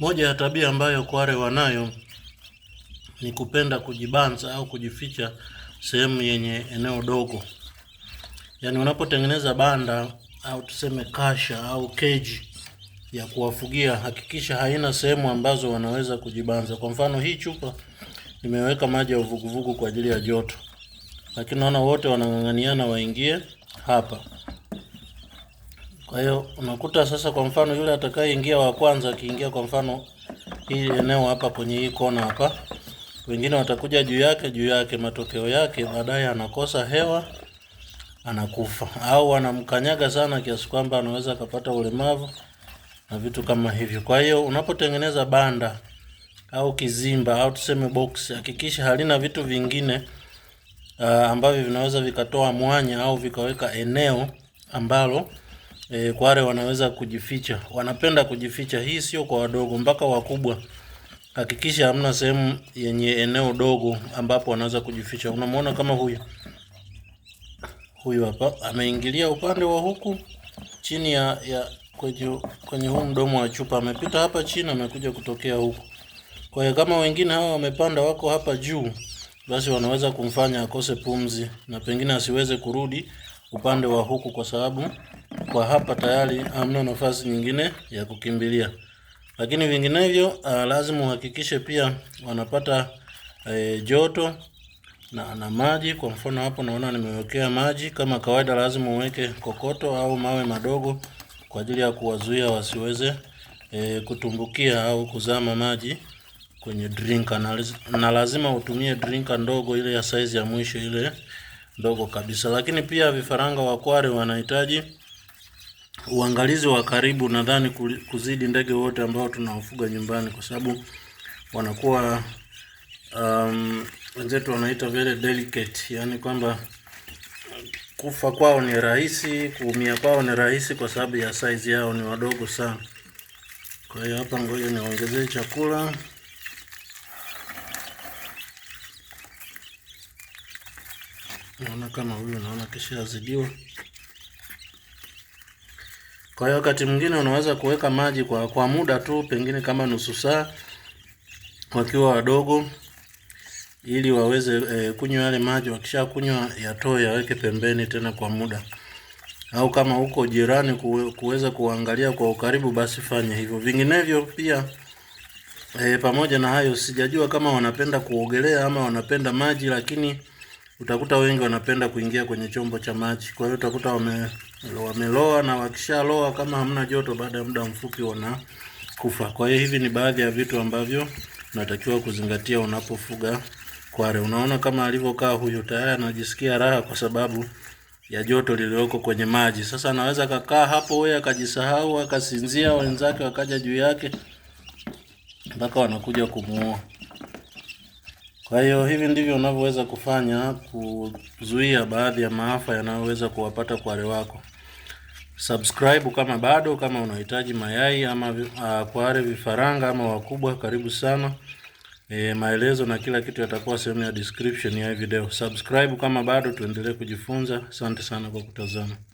Moja ya tabia ambayo kware wanayo ni kupenda kujibanza au kujificha sehemu yenye eneo dogo. Yaani unapotengeneza banda au tuseme kasha au keji ya kuwafugia, hakikisha haina sehemu ambazo wanaweza kujibanza. Kwa mfano hii chupa nimeweka maji ya uvuguvugu kwa ajili ya joto, lakini naona wote wanang'ang'aniana waingie hapa. Kwa hiyo unakuta sasa, kwa mfano yule atakayeingia wa kwanza akiingia, kwa mfano hii eneo hapa kwenye hii kona hapa, wengine watakuja juu yake juu yake, matokeo yake baadaye anakosa hewa, anakufa au anamkanyaga sana kiasi kwamba anaweza akapata ulemavu na vitu kama hivyo. Kwa hiyo unapotengeneza banda au kizimba au tuseme box, hakikisha halina vitu vingine uh, ambavyo vinaweza vikatoa mwanya au vikaweka eneo ambalo e, kwa wale wanaweza kujificha, wanapenda kujificha. Hii sio kwa wadogo, mpaka wakubwa. Hakikisha hamna sehemu yenye eneo dogo ambapo wanaweza kujificha. Unamwona kama huyu huyu hapa ameingilia upande wa huku chini ya, ya kwenye, kwenye huu mdomo wa chupa amepita hapa chini, amekuja kutokea huku. Kwa hiyo kama wengine hawa wamepanda wako hapa juu, basi wanaweza kumfanya akose pumzi na pengine asiweze kurudi upande wa huku, kwa sababu kwa hapa tayari hamna nafasi nyingine ya kukimbilia, lakini vinginevyo uh, lazima uhakikishe pia wanapata e, joto na, na maji. Kwa mfano hapo naona nimewekea maji. Kama kawaida, lazima uweke kokoto au mawe madogo kwa ajili ya kuwazuia wasiweze e, kutumbukia au kuzama maji kwenye drinka na, na lazima utumie drinka ndogo ile ya size ya mwisho ile ndogo kabisa. Lakini pia vifaranga wa kware wanahitaji uangalizi wa karibu, nadhani kuzidi ndege wote ambao tunawafuga nyumbani, kwa sababu wanakuwa um, wenzetu wanaita very delicate, yani kwamba kufa kwao ni rahisi, kuumia kwao ni rahisi, kwa sababu ya size yao, ni wadogo sana. Kwa hiyo hapa, ngoja niongezee chakula. Naona kama huyu, naona kishazidiwa. Kwa hiyo wakati mwingine unaweza kuweka maji kwa kwa muda tu, pengine kama nusu saa, wakiwa wadogo, ili waweze e, kunywa yale maji. Wakisha kunywa yatoe, yaweke pembeni tena kwa muda, au kama huko jirani kuweza kuangalia kwa ukaribu, basi fanya hivyo. Vinginevyo pia e, pamoja na hayo, sijajua kama wanapenda kuogelea ama wanapenda maji, lakini utakuta wengi wanapenda kuingia kwenye chombo cha maji. Kwa hiyo utakuta wame, wameloa na wakishaloa, kama hamna joto, baada ya muda mfupi wana kufa. Kwa hiyo hivi ni baadhi ya vitu ambavyo natakiwa kuzingatia unapofuga kware. Unaona kama alivyokaa huyu, tayari anajisikia raha kwa sababu ya joto lililoko kwenye maji. Sasa anaweza kakaa hapo wewe akajisahau akasinzia, wenzake wakaja juu yake mpaka wanakuja kumuua. Kwa hiyo hivi ndivyo unavyoweza kufanya kuzuia baadhi ya maafa yanayoweza kuwapata kware wako. Subscribe kama bado, kama unahitaji mayai ama uh, kware vifaranga ama wakubwa, karibu sana. E, maelezo na kila kitu yatakuwa sehemu ya description ya video. Subscribe kama bado, tuendelee kujifunza. Asante sana kwa kutazama.